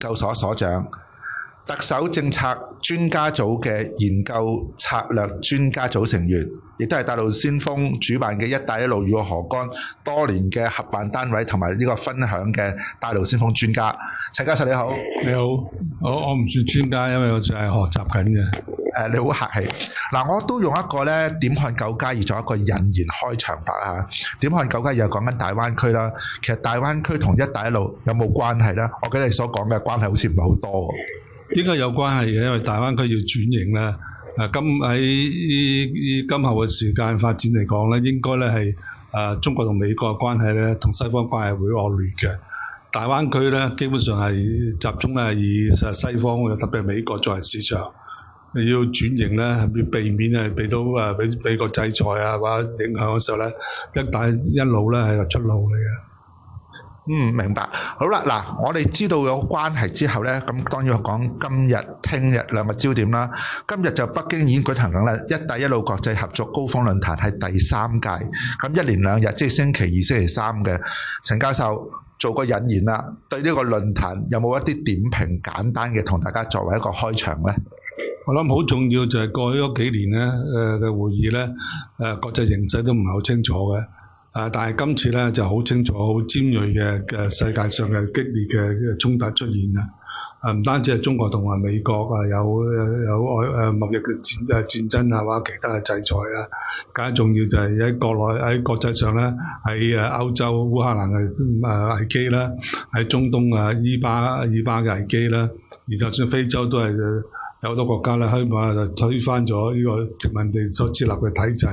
究所所長，特首政策專家組嘅研究策略專家組成員亦都係帶路先鋒主辦嘅「一帶一路與我何干」多年嘅合辦單位同埋呢個分享嘅帶路先鋒專家，陳教授你好，你好，你好，我唔算專家，因為我淨係學習緊嘅。誒、呃、你好客氣，嗱、啊、我都用一個咧點看九加二做一個引言開場白吓、啊，點看九加二又講緊大灣區啦，其實大灣區同一帶一路有冇關係咧？我記得你所講嘅關係好似唔係好多。應該有關係嘅，因為大灣區要轉型咧。啊，今喺依依今後嘅時間發展嚟講咧，應該咧係啊，中國同美國嘅關係咧，同西方關係會惡劣嘅。大灣區咧，基本上係集中咧以西方，特別係美國作為市場。要轉型咧，要避免係俾到啊美美國制裁啊，或者影響嘅時候咧，一帶一路咧係出路嚟嘅。嗯，明白。好啦，嗱，我哋知道有關係之後咧，咁當然講今日、聽日兩個焦點啦。今日就北京已經舉行緊啦，一帶一路國際合作高峰論壇係第三屆，咁一連兩日，即係星期二、星期三嘅。陳教授做個引言啦，對呢個論壇有冇一啲點評簡單嘅同大家作為一個開場咧。我諗好重要就係過去幾年咧，誒，嘅會議咧，誒，國際形勢都唔係好清楚嘅。啊！但係今次咧，就好清楚、好尖銳嘅嘅世界上嘅激烈嘅嘅衝突出現啊！啊，唔單止係中國同埋美國啊，有有外誒貿易嘅戰誒戰爭啊，或者其他嘅制裁啊，更加重要就係喺國內喺國際上咧，喺誒歐洲烏克蘭嘅誒危機啦，喺中東啊伊巴伊巴嘅危機啦，而就算非洲都係。有好多國家啦，香港就推翻咗呢個殖民地所設立嘅體制，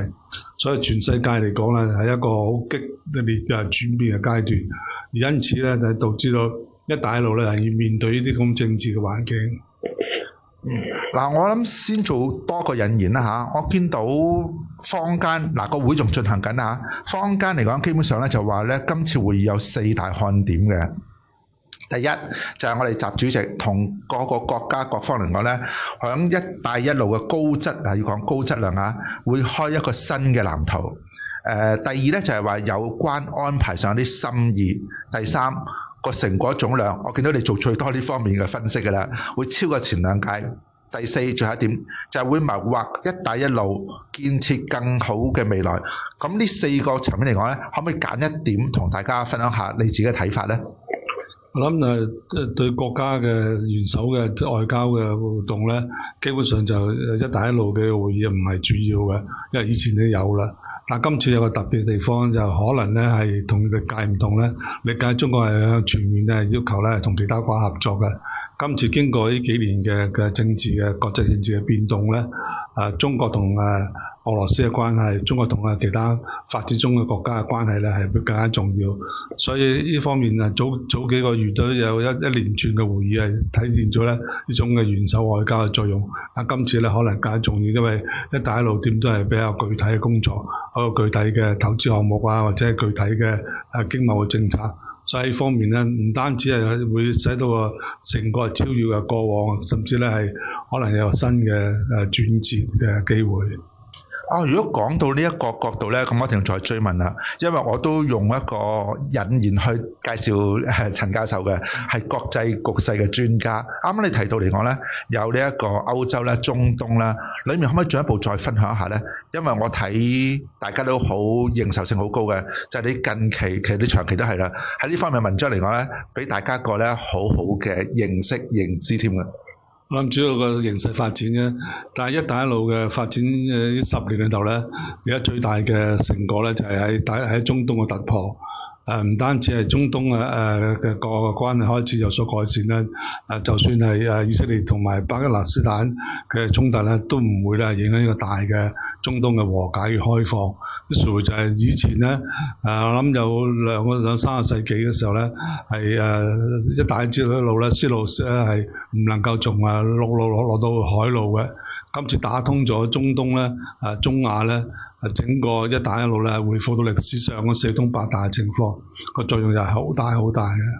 所以全世界嚟講啦，係一個好激烈嘅轉變嘅階段。因此咧，就導致到一帶一路咧係要面對呢啲咁政治嘅環境。嗱，我諗先做多個引言啦嚇。我見到坊間嗱個會仲進行緊啦嚇，坊間嚟講基本上咧就話咧今次會議有四大看點嘅。第一就係、是、我哋習主席同各個國家各方嚟講咧，響一帶一路嘅高質啊，要講高質量啊，會開一個新嘅藍圖。誒、呃，第二咧就係、是、話有關安排上有啲心意。第三個成果總量，我見到你做最多呢方面嘅分析㗎啦，會超過前兩屆。第四，最後一點就係、是、會謀劃一帶一路建設更好嘅未來。咁呢四個層面嚟講咧，可唔可以揀一點同大家分享下你自己嘅睇法咧？我諗誒，對國家嘅元首嘅外交嘅活動咧，基本上就一帶一路嘅會議唔係主要嘅，因為以前都有啦。但今次有個特別地方就可能咧係同歷屆唔同咧，歷屆中國係向全面嘅要求咧，同其他國家合作嘅。今次經過呢幾年嘅嘅政治嘅國際政治嘅變動咧，啊，中國同誒。俄羅斯嘅關係，中國同啊其他發展中嘅國家嘅關係咧，係會更加重要。所以呢方面啊，早早幾個月都有一一連串嘅會議係體現咗咧呢種嘅元首外交嘅作用。啊，今次咧可能更加重要，因為一帶一路點都係比較具體嘅工作，一個具體嘅投資項目啊，或者係具體嘅啊經貿嘅政策。所以呢方面咧，唔單止係會使到個成個超越嘅過往，甚至咧係可能有新嘅誒轉折嘅機會。啊、哦！如果講到呢一個角度咧，咁我一定要再追問啦，因為我都用一個引言去介紹誒陳教授嘅，係國際局勢嘅專家。啱啱你提到嚟講咧，有呢一個歐洲啦、中東啦，裏面可唔可以進一步再分享一下咧？因為我睇大家都好認受性好高嘅，就係、是、你近期其實你長期都係啦，喺呢方面文章嚟講咧，俾大家一個咧好好嘅認識認知添嘅。我諗主要個形勢發展啫，但係一帶一路嘅發展誒，呢十年裏頭呢，而家最大嘅成果呢，就係喺打喺中東嘅突破。誒，唔單止係中東啊，誒嘅各個關係開始有所改善啦，誒就算係誒以色列同埋巴勒斯坦嘅衝突咧，都唔會咧影響呢個大嘅中東嘅和解與開放。其實就係以前咧誒，我諗有兩個兩三個世紀嘅時候咧，係誒一帶之內一路咧，絲路咧係唔能夠從啊陸路落落到海路嘅。今次打通咗中東咧，誒中亞咧。整個一帶一路咧，回復到歷史上的四通八達嘅情況，個作用又係好大好大嘅。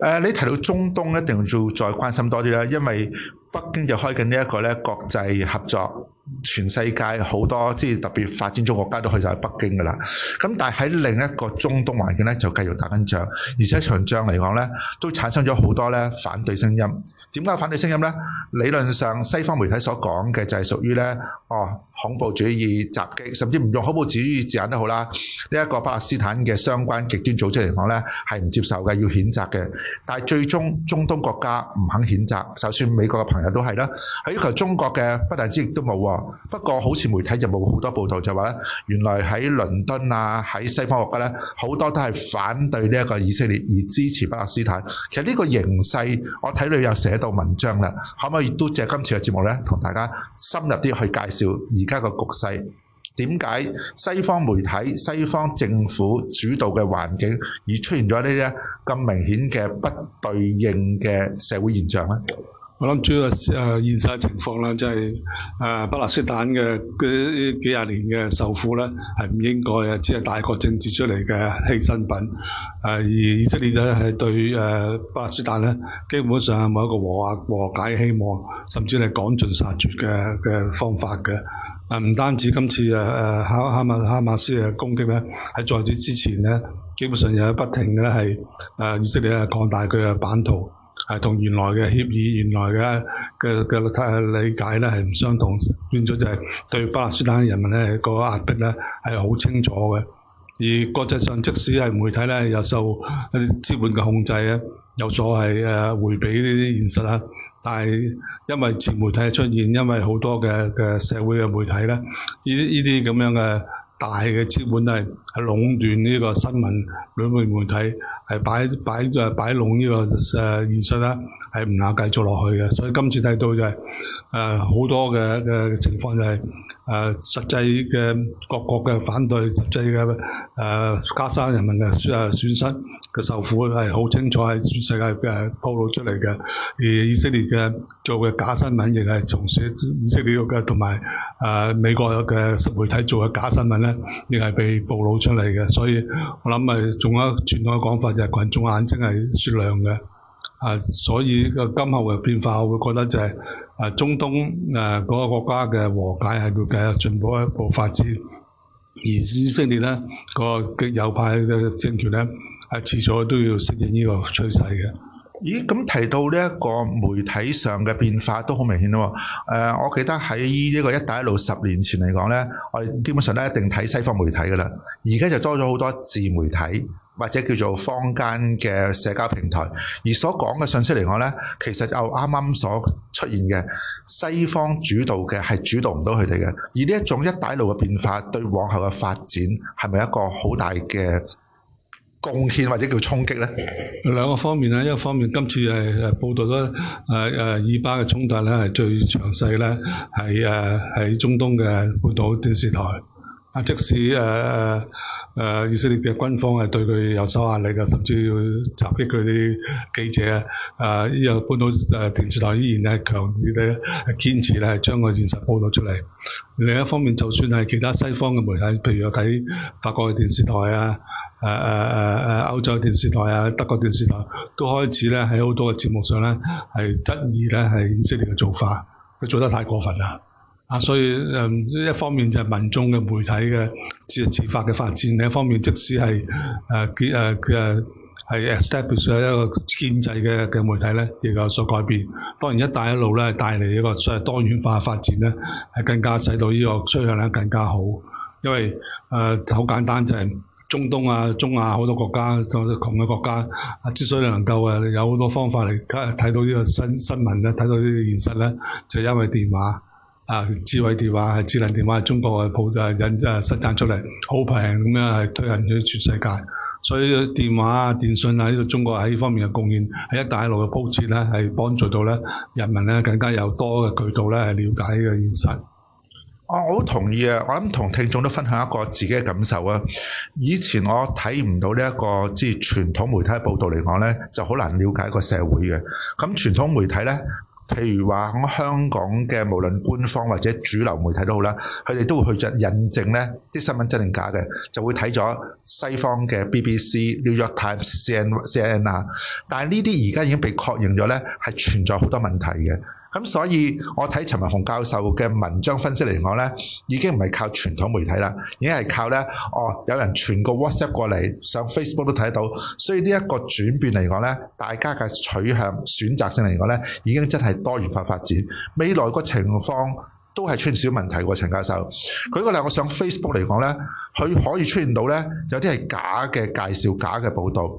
誒、呃，你提到中東一定要再關心多啲啦，因為。北京就開緊呢一個咧國際合作，全世界好多即係特別發展中國家都去曬北京㗎啦。咁但係喺另一個中東環境咧，就繼續打緊仗，而且場仗嚟講咧，都產生咗好多咧反對聲音。點解反對聲音咧？理論上西方媒體所講嘅就係屬於咧，哦恐怖主義襲擊，甚至唔用恐怖主義字眼都好啦。呢一個巴勒斯坦嘅相關極端組織嚟講咧，係唔接受嘅，要譴責嘅。但係最終中東國家唔肯譴責，就算美國嘅。朋友都係啦，喺要求中國嘅不單止亦都冇。不過好似媒體就冇好多報道，就話咧，原來喺倫敦啊，喺西方國家咧，好多都係反對呢一個以色列，而支持巴勒斯坦。其實呢個形勢，我睇到有寫到文章啦。可唔可以都借今次嘅節目咧，同大家深入啲去介紹而家個局勢，點解西方媒體、西方政府主導嘅環境，而出現咗呢啲咁明顯嘅不對應嘅社會現象咧？我諗主要誒現實嘅情況啦，即係誒巴勒斯坦嘅嗰幾廿年嘅受苦咧，係唔應該嘅，只係大國政治出嚟嘅犧牲品。誒而以色列咧係對誒巴勒斯坦咧，基本上冇一個和解和解嘅希望，甚至係趕盡殺絕嘅嘅方法嘅。誒唔單止今次誒誒哈哈馬哈馬斯嘅攻擊咧，喺在此之前咧，基本上又喺不停嘅係誒以色列咧擴大佢嘅版圖。係同原來嘅協議、原來嘅嘅嘅理解咧係唔相同，變咗就係對巴勒斯坦人民咧個壓迫咧係好清楚嘅。而國際上即使係媒體咧又受一啲資本嘅控制咧，有所係誒迴避呢啲現實啊。但係因為自媒體嘅出現，因為好多嘅嘅社會嘅媒體咧，呢呢啲咁樣嘅。大嘅資本都係係壟斷呢個新聞，兩份媒，媒體係擺擺誒擺，擺弄呢個誒現實啦，係唔能夠繼續落去嘅，所以今次睇到就係。誒好、呃、多嘅嘅情況就係、是、誒、呃、實際嘅各國嘅反對，實際嘅誒、呃、加沙人民嘅損損失嘅受苦係好清楚喺全世界誒暴露出嚟嘅。而以色列嘅做嘅假新聞亦係從事以色列嘅，同埋誒美國嘅媒體做嘅假新聞咧，亦係被暴露出嚟嘅。所以我諗係仲有一傳統嘅講法，就係群眾眼睛係雪亮嘅。啊，所以個今後嘅變化，我會覺得就係啊，中東誒嗰個國家嘅和解係會繼續進步一步發展，而以色列咧個極右派嘅政權咧，啊遲早都要適應呢個趨勢嘅。咦？咁提到呢一個媒體上嘅變化都好明顯喎、啊。誒、呃，我記得喺呢個一帶一路十年前嚟講咧，我哋基本上咧一定睇西方媒體㗎啦，而家就多咗好多自媒體。或者叫做坊間嘅社交平台，而所講嘅信息嚟講咧，其實就啱啱所出現嘅西方主導嘅係主導唔到佢哋嘅，而呢一種一帶路嘅變化，對往後嘅發展係咪一個好大嘅貢獻或者叫衝擊咧？兩個方面咧，一個方面今次誒誒報導咗誒誒以巴嘅衝突咧，係最詳細咧，係誒喺中東嘅半島電視台啊，即使誒。誒、呃，以色列嘅軍方係對佢有施壓力嘅，甚至要襲擊佢啲記者啊！啊、呃，依又見到誒電視台依然咧強烈咧堅持咧將個現實報道出嚟。另一方面，就算係其他西方嘅媒體，譬如睇法國嘅電視台啊、誒誒誒誒歐洲電視台啊、德國電視台，都開始咧喺好多嘅節目上咧係質疑咧係以色列嘅做法，佢做得太過分啦。啊，所以誒一方面就係民眾嘅媒體嘅自自發嘅發展，另一方面即使係誒建誒佢 establish 一個建制嘅嘅媒體呢，亦有所改變。當然，一帶一路呢帶嚟一個誒多元化嘅發展呢，係更加使到呢個趨向咧更加好。因為誒好、呃、簡單就係、是、中東啊、中亞好多國家，都窮嘅國家啊，之所以能夠有好多方法嚟，梗係睇到呢個新新聞咧，睇到呢個現實呢，就是、因為電話。啊！智慧電話係智能電話，係中國嘅普啊引啊生產出嚟，好平咁樣係推行咗全世界。所以電話啊、電信啊呢個中國喺呢方面嘅貢獻，喺一帶一路嘅鋪設咧，係幫助到咧人民咧更加有多嘅渠道咧係了解呢個現實。我好同意啊！我諗同聽眾都分享一個自己嘅感受啊！以前我睇唔到呢、這、一個即係傳統媒體嘅報導嚟講咧，就好難了解個社會嘅。咁傳統媒體咧。譬如話，香港嘅無論官方或者主流媒體都好啦，佢哋都會去著印證咧，啲新聞真定假嘅，就會睇咗西方嘅 B B C、New York Times、C N N 啊。但係呢啲而家已經被確認咗咧，係存在好多問題嘅。咁所以我睇陳文鴻教授嘅文章分析，嚟講咧，已經唔係靠傳統媒體啦，已經係靠咧哦，有人傳個 WhatsApp 過嚟，上 Facebook 都睇得到，所以呢一個轉變嚟講咧，大家嘅取向選擇性嚟講咧，已經真係多元化發展。未來個情況都係出現少問題喎，啊，陳教授。舉個例，我上 Facebook 嚟講咧，佢可以出現到咧，有啲係假嘅，介紹假嘅報道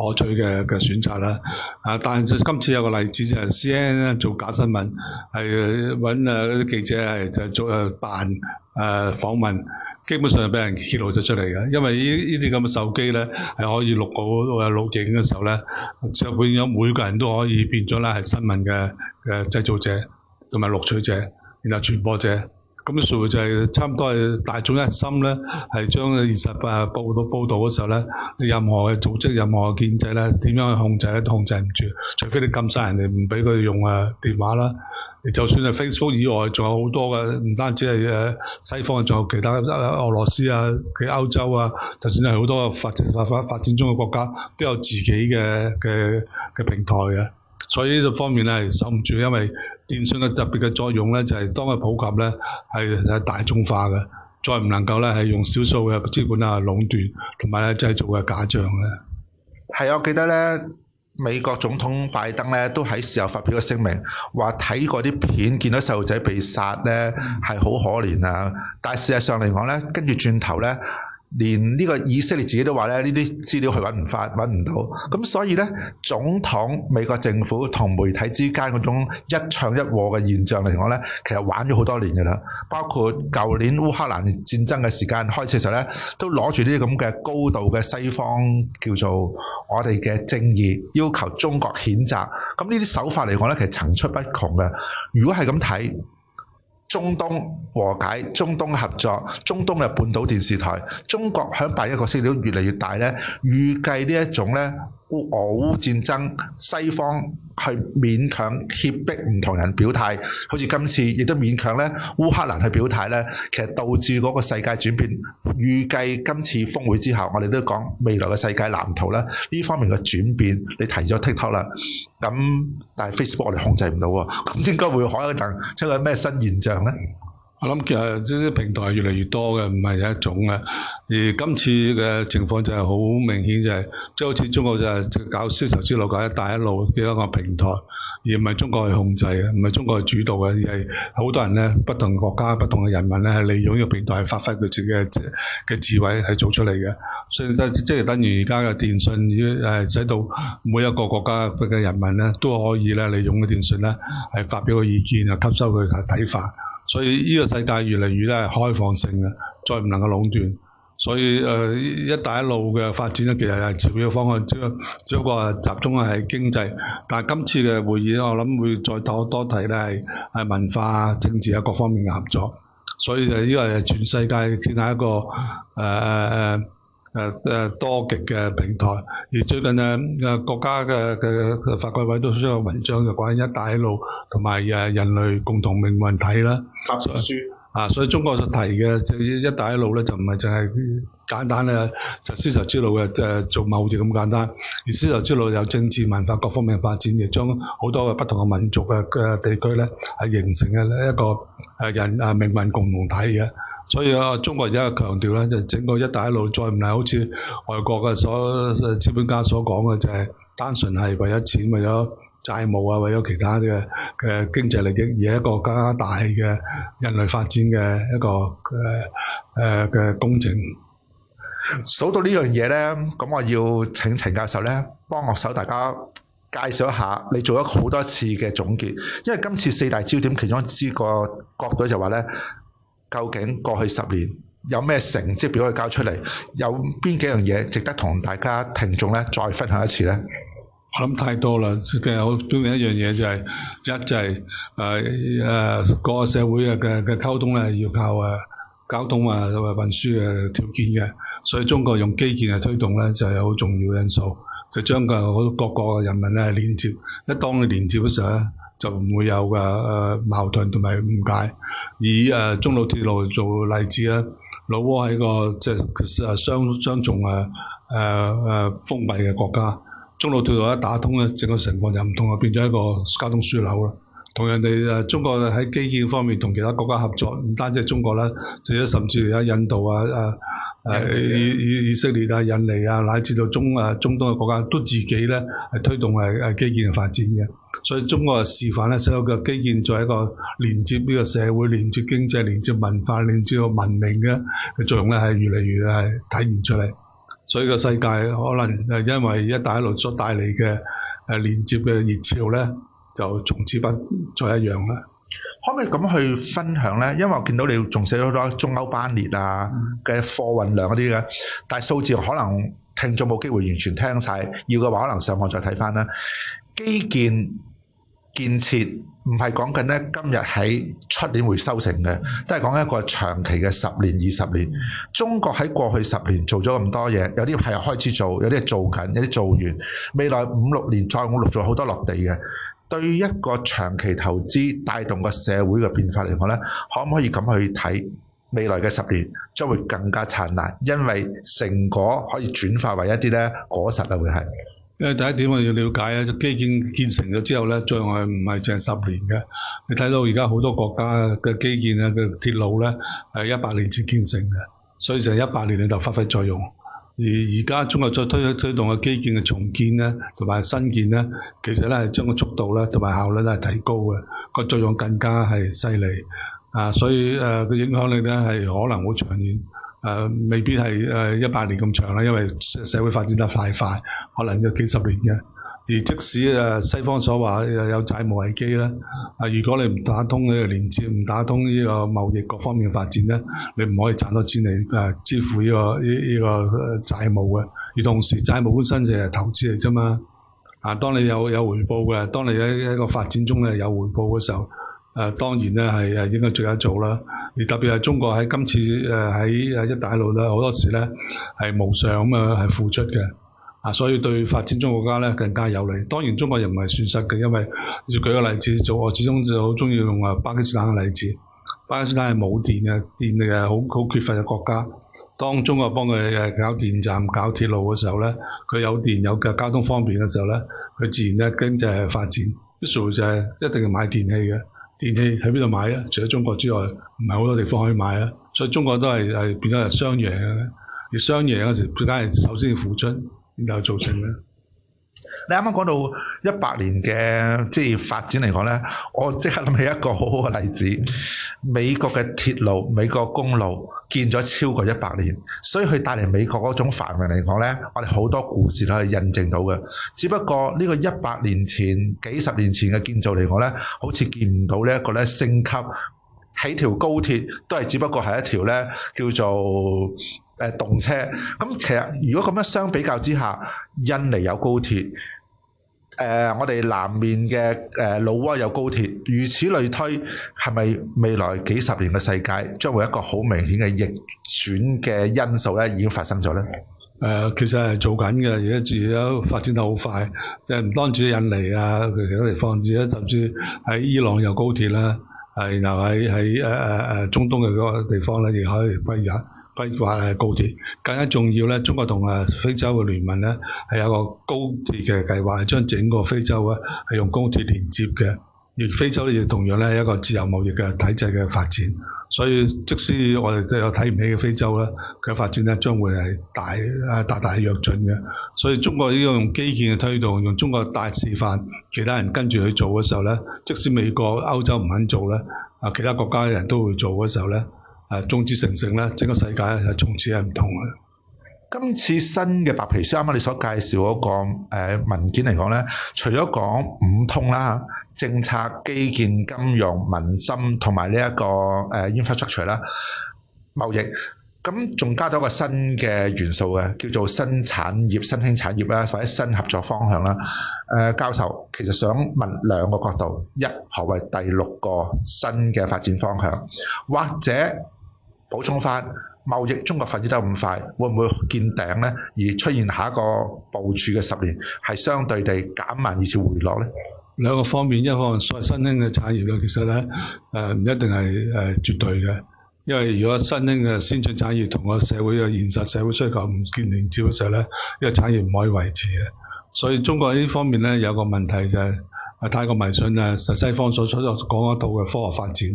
可取嘅嘅選擇啦，啊！但今次有個例子就係、是、CNN 呢做假新聞，係揾誒嗰記者係就做誒扮誒訪問，基本上係俾人揭露咗出嚟嘅。因為呢依啲咁嘅手機咧係可以錄好錄影嘅時候咧，就變咗每個人都可以變咗啦係新聞嘅嘅製造者同埋錄取者，然後傳播者。咁説就係差唔多係大眾一心咧，係將二十八報道報道嗰時候咧，任何嘅組織、任何嘅建制咧，點樣去控制咧都控制唔住，除非你禁晒人哋，唔畀佢用誒電話啦。你就算係 Facebook 以外，仲有好多嘅，唔單止係誒西方，仲有其他俄羅斯啊，佢歐洲啊，就算係好多發展發發發展中嘅國家，都有自己嘅嘅嘅平台嘅。所以呢個方面咧，係受唔住，因為電信嘅特別嘅作用咧，就係當佢普及咧，係大眾化嘅，再唔能夠咧係用少數嘅資本啊壟斷，同埋製造嘅假象咧。係，我記得咧，美國總統拜登咧都喺事後發表咗聲明，話睇過啲片，見到細路仔被殺咧係好可憐啊，但係事實上嚟講咧，跟住轉頭咧。連呢個以色列自己都話咧，呢啲資料佢揾唔翻，揾唔到。咁所以咧，總統美國政府同媒體之間嗰種一唱一和嘅現象嚟講咧，其實玩咗好多年㗎啦。包括舊年烏克蘭戰爭嘅時間開始時候咧，都攞住呢啲咁嘅高度嘅西方叫做我哋嘅正義，要求中國譴責。咁呢啲手法嚟講咧，其實層出不窮嘅。如果係咁睇。中東和解、中東合作、中東嘅半島電視台、中國響擺一個聲量越嚟越大咧，預計呢一種咧。俄烏戰爭，西方去勉強脅迫唔同人表態，好似今次亦都勉強咧烏克蘭去表態咧，其實導致嗰個世界轉變。預計今次峰會之後，我哋都講未來嘅世界藍圖啦。呢方面嘅轉變你提咗 TikTok 啦，咁但係 Facebook 我哋控制唔到喎，咁應該會可能出現咩新現象咧？我諗其實啲平台越嚟越多嘅，唔係有一種嘅。而今次嘅情況就係好明顯，就是，就係即係好似中國就係搞絲綢之路、搞一帶一路嘅一個平台，而唔係中國去控制嘅，唔係中國去主導嘅，而係好多人咧不同國家、不同嘅人民咧係利用呢個平台，係發揮佢自己嘅嘅智慧係做出嚟嘅。所以即係、就是、等於而家嘅電信，要誒使到每一個國家嘅人民咧都可以咧利用個電信咧係發表個意見，又吸收佢嘅睇法。所以呢個世界越嚟越咧係開放性嘅，再唔能夠壟斷。所以誒、呃，一帶一路嘅發展咧，其實係朝依個方向，只不過集中係經濟。但係今次嘅會議我諗會再多多睇，咧係係文化啊、政治啊各方面嘅合作。所以就因為係全世界建立一個誒誒誒誒誒多極嘅平台。而最近呢，誒、呃、國家嘅嘅、呃、發改委都出咗文章，就講一帶一路同埋誒人類共同命運體啦。合作書。啊！所以中國所提嘅就係一帶一路咧，就唔係淨係簡單嘅就絲綢之路嘅，就做貿易咁簡單。而絲綢之路有政治、文化各方面嘅發展，亦將好多嘅不同嘅民族嘅嘅地區咧，係形成嘅一個誒人誒、啊、命運共同體嘅。所以啊，中國而家強調咧，就整個一帶一路再唔係好似外國嘅所，所資本家所講嘅，就係、是、單純係為咗錢，為咗，債務啊，為咗其他嘅嘅經濟利益，而一個更加大嘅人類發展嘅一個嘅誒嘅工程。數到呢樣嘢咧，咁我要請陳教授咧，幫我手，大家介紹一下，你做咗好多次嘅總結，因為今次四大焦點其中一支個角度就話咧，究竟過去十年有咩成績表可以交出嚟，有邊幾樣嘢值得同大家聽眾咧再分享一次咧？我諗太多啦，其實好重要一樣嘢就係、是、一就係誒誒，呃、各個社會嘅嘅溝通咧，要靠誒、啊、交通啊，作為運輸嘅條件嘅。所以中國用基建嚟推動呢，就有、是、好重要嘅因素，就將個嗰各國人民咧連接，一當佢連接嘅時候呢，就唔會有、啊、矛盾同埋誤解。以、啊、中老鐵路做例子啦，老撾係個即雙、就是、重誒、啊啊啊、封閉嘅國家。中路鐵路一打通咧，整個情況就唔同啊，變咗一個交通樞紐啦。同人哋啊，中國喺基建方面同其他國家合作，唔單止係中國啦，甚至甚至啊，印度啊、啊、啊、以以色列啊、印尼啊，乃至到中啊中東嘅國家都自己咧係推動係係基建嘅發展嘅。所以中國嘅示範咧，所有嘅基建作為一個連接呢個社會、連接經濟、連接文化、連接個文明嘅嘅作用咧，係越嚟越係體現出嚟。所以個世界可能誒，因為一帶一路所帶嚟嘅誒連接嘅熱潮咧，就從此不再一樣啦。可唔可以咁去分享咧？因為我見到你仲寫咗好多中歐班列啊嘅、嗯、貨運量嗰啲嘅，但係數字可能聽咗冇機會完全聽晒。嗯、要嘅話可能上網再睇翻啦。基建。建設唔係講緊咧，今日喺出年會收成嘅，都係講一個長期嘅十年、二十年。中國喺過去十年做咗咁多嘢，有啲係開始做，有啲係做緊，有啲做，做完。未來五六年再冇會做好多落地嘅。對一個長期投資帶動個社會嘅變化嚟講咧，可唔可以咁去睇？未來嘅十年將會更加燦爛，因為成果可以轉化為一啲咧果實啊，會係。誒第一點我要了解啊，基建建成咗之後咧，作用係唔係淨係十年嘅？你睇到而家好多國家嘅基建啊、嘅鐵路咧，係一百年前建成嘅，所以就成一百年咧就發揮作用。而而家中國再推推動嘅基建嘅重建咧，同埋新建咧，其實咧係將個速度咧同埋效率咧係提高嘅，個作用更加係犀利啊！所以誒，個影響力咧係可能好長遠。誒、呃、未必係誒一百年咁長啦，因為社會發展得太快，快，可能要幾十年嘅。而即使誒、呃、西方所話有債務危機咧，啊、呃、如果你唔打通呢個連接，唔打通呢個貿易各方面嘅發展咧，你唔可以賺到錢嚟誒支付呢、呢個呢呢、呢個呢個債務嘅。而同時債務本身就係投資嚟啫嘛。啊，當你有有回報嘅，當你喺一個發展中嘅有回報嘅時候。誒，當然咧係係應該做一做啦，而特別係中國喺今次誒、喺一帶一路咧，好多時咧係無償咁啊，係付出嘅，啊，所以對發展中國家咧更加有利。當然中國又唔係損失嘅，因為要舉個例子做，我始終就好鍾意用啊，巴基斯坦嘅例子。巴基斯坦係冇電嘅，電力係好好缺乏嘅國家。當中國幫佢誒，搞電站、搞鐵路嘅時候咧，佢有電有嘅交通方便嘅時候咧，佢自然咧經濟係發展。必須就係一定要買電器嘅。電器喺邊度買啊？除咗中國之外，唔係好多地方可以買啊！所以中國都係係變咗係雙贏嘅。而雙贏時候，佢梗係首先要付出，然後造成咧。你啱啱講到一百年嘅即係發展嚟講咧，我即刻諗起一個好好嘅例子，美國嘅鐵路、美國公路建咗超過一百年，所以佢帶嚟美國嗰種繁榮嚟講咧，我哋好多故事都可以印證到嘅。只不過呢個一百年前、幾十年前嘅建造嚟講咧，好似見唔到呢一個咧升級，起條高鐵都係只不過係一條咧叫做。誒動車，咁其實如果咁樣相比較之下，印尼有高鐵，誒我哋南面嘅誒老撾有高鐵，如此類推，係咪未來幾十年嘅世界將會一個好明顯嘅逆轉嘅因素咧，已經發生咗咧？誒，其實係做緊嘅，而家仲有發展得好快，誒唔單止印尼啊，其他地方，而且甚至喺伊朗有高鐵啦，係然後喺喺誒誒誒中東嘅嗰個地方咧，亦可以歸入。規劃係高鐵，更加重要咧。中國同啊非洲嘅聯盟咧，係有個高鐵嘅計劃，將整個非洲咧係用高鐵連接嘅。而非洲亦同樣咧一個自由貿易嘅體制嘅發展。所以即使我哋都有睇唔起嘅非洲咧，佢嘅發展咧將會係大啊大大躍進嘅。所以中國呢個用基建嘅推動，用中國大示範，其他人跟住去做嘅時候咧，即使美國、歐洲唔肯做咧，啊其他國家嘅人都會做嘅時候咧。誒眾志成城咧，整個世界誒從此係唔同嘅。今次新嘅白皮書啱啱你所介紹嗰個誒文件嚟講咧，除咗講五通啦、政策、基建、金融、民心同埋呢一個誒 infrastructure 啦、貿易，咁仲加咗個新嘅元素嘅，叫做新產業、新興產業啦，或者新合作方向啦。誒教授，其實想問兩個角度：一何謂第六個新嘅發展方向，或者？補充翻貿易，中國發展得咁快，會唔會見頂咧？而出現下一個部署嘅十年，係相對地減慢，而且回落咧。兩個方面，一方面所謂新興嘅產業咧，其實咧誒唔一定係誒絕對嘅，因為如果新興嘅先進產業同個社會嘅現實社會需求唔見連結嘅時候咧，呢個產業唔可以維持嘅。所以中國呢方面咧有個問題就係誒太過迷信誒實西方所所講得到嘅科學發展，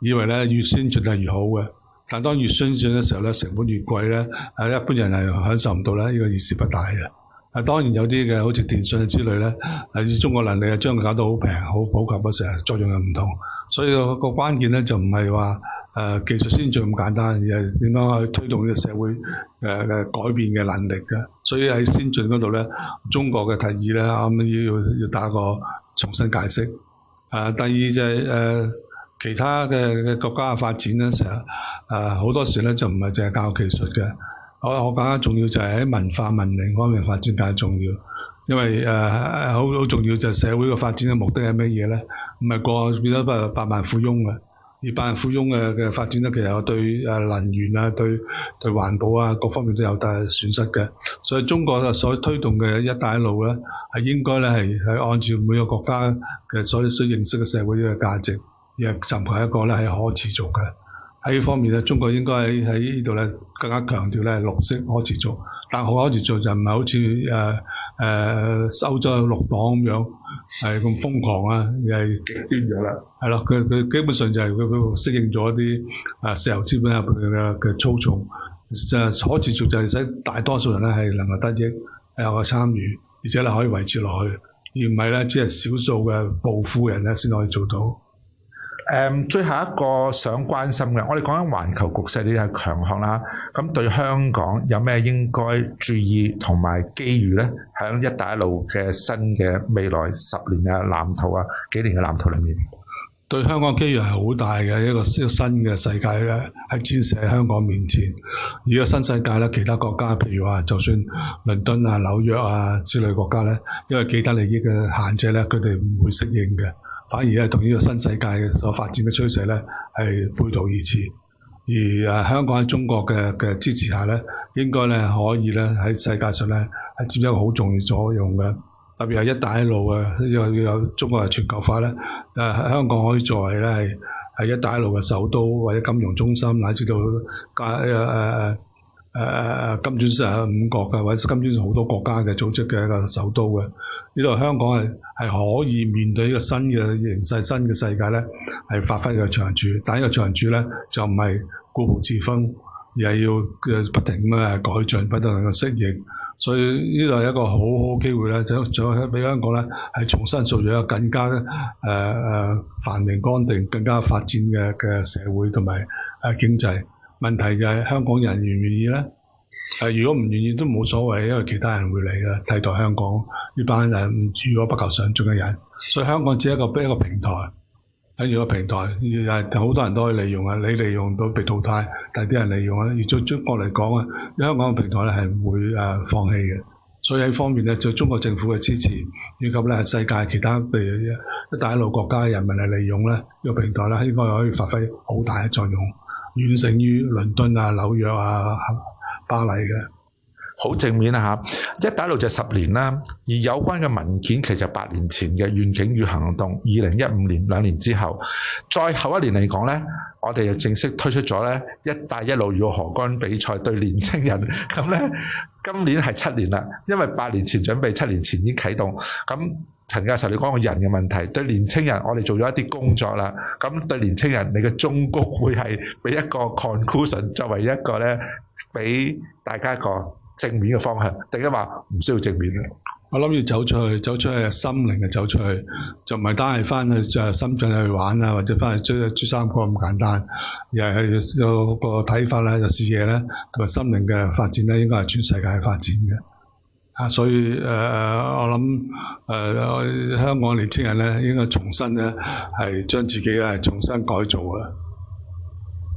以為咧越先進係越好嘅。但當越先進嘅時候咧，成本越貴咧，啊一般人係享受唔到咧，呢、這個意思不大嘅。啊當然有啲嘅好似電信之類咧，係中國能力啊將佢搞到好平、好普及嘅時作用又唔同。所以個個關鍵咧就唔係話誒技術先進咁簡單，而係點講去推動呢個社會誒嘅改變嘅能力嘅。所以喺先進嗰度咧，中國嘅提議咧啱啱要要打個重新解釋。啊第二就係、是、誒其他嘅嘅國家嘅發展咧，成日。啊，好多時咧就唔係淨係教技術嘅，我我覺得重要就係喺文化文明方面發展，但重要，因為誒好好重要就係社會嘅發展嘅目的係乜嘢咧？唔係過變咗百百萬富翁嘅，而百萬富翁嘅嘅發展咧，其實對誒能源啊、對對環保啊各方面都有大嘅損失嘅。所以中國啊所推動嘅一帶一路咧，係應該咧係係按照每個國家嘅所所認識嘅社會嘅價值，而尋求一個咧係可持續嘅。喺呢方面咧，中國應該喺喺呢度咧，更加強調咧，綠色可持續。但係可持續就唔係好似誒誒收咗綠黨咁樣，係咁瘋狂啊，又係極端咗啦。係咯了，佢佢基本上就係佢佢適應咗一啲啊石油資本入面嘅嘅嘅操縱。就係可持續就係使大多數人咧係能夠得益，有個參與，而且咧可以維持落去，而唔係咧只係少數嘅暴富人咧先可以做到。誒，um, 最後一個想關心嘅，我哋講緊環球局勢呢啲係強項啦。咁對香港有咩應該注意同埋機遇呢？喺一帶一路嘅新嘅未來十年嘅藍圖啊，幾年嘅藍圖裡面，對香港機遇係好大嘅一個新嘅世界咧，喺展示喺香港面前。而家新世界咧，其他國家譬如話，就算倫敦啊、紐約啊之類國家呢，因為既得利益嘅限制呢，佢哋唔會適應嘅。反而咧，同呢個新世界嘅所發展嘅趨勢咧，係背道而馳。而誒香港喺中國嘅嘅支持下咧，應該咧可以咧喺世界上咧係佔一個好重要作用嘅。特別係一帶一路嘅，要要有中國嘅全球化咧，誒香港可以作為咧係係一帶一路嘅首都或者金融中心，乃至到加誒誒。誒誒誒，金磚實係五國嘅，或者金磚好多國家嘅組織嘅一個首都嘅，呢度香港係係可以面對呢個新嘅形勢、新嘅世界咧，係發揮佢嘅長處。但係呢個長處咧，就唔係固步自封，而係要不停咁樣改進，不斷能夠適應。所以呢度係一個好好機會咧，就將俾香港咧係重新塑造一個更加誒誒、呃、繁榮安定、更加發展嘅嘅社會同埋誒經濟。問題就係、是、香港人願唔願意咧？誒、呃，如果唔願意都冇所謂，因為其他人會嚟嘅替代香港呢班人，如果不求上進嘅人，所以香港只係一個一個平台，喺如個平台，好多人都可以利用啊！你利用到被淘汰，但係啲人利用咧。而對中國嚟講啊，香港嘅平台咧係唔會誒放棄嘅。所以喺方面咧，就是、中國政府嘅支持，以及咧世界其他譬如一帶一路國家嘅人民嚟利用咧、這個平台咧，應該可以發揮好大嘅作用。完成於倫敦啊、紐約啊、巴黎嘅，好正面啊！嚇，一帶一路就十年啦，而有關嘅文件其實八年前嘅《願景與行動》，二零一五年兩年之後，再後一年嚟講呢，我哋又正式推出咗呢「一帶一路與河幹比賽》對年青人，咁呢，今年係七年啦，因為八年前準備，七年前已經啟動，咁。陳教授，你講個人嘅問題，對年青人，我哋做咗一啲工作啦。咁對年青人，你嘅忠告會係俾一個 conclusion 作為一個咧，俾大家一個正面嘅方向，定係話唔需要正面嘅。我諗要走出去，走出去心靈嘅走出去，就唔係單係翻去就深圳去玩啊，或者翻去追珠三角咁簡單。又係有個睇法咧，就視野咧，同埋心靈嘅發展咧，應該係全世界發展嘅。啊，所以誒，我諗誒，香港年輕人咧應該重新咧，係將自己咧重新改造啊！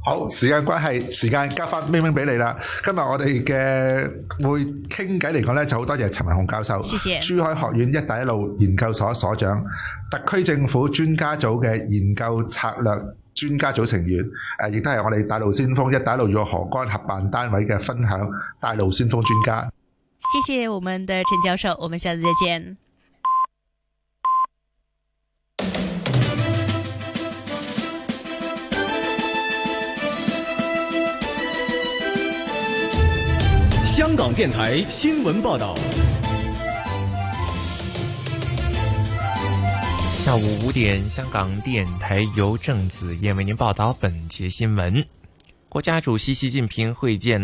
好，時間關係，時間交翻 Ming Ming 俾你啦。今日我哋嘅會傾偈嚟講咧，就好多謝陳文鴻教授，謝謝。珠海學院一帶一路研究所所長，特區政府專家組嘅研究策略專家組成員，誒，亦都係我哋帶路先鋒一帶一路與我河乾合辦單位嘅分享，帶路先鋒專家。謝謝我們的陳教授，我們下次再見。香港電台新聞報道，下午五點，香港電台由鄭子燕為您報道本節新聞。國家主席習近平會見。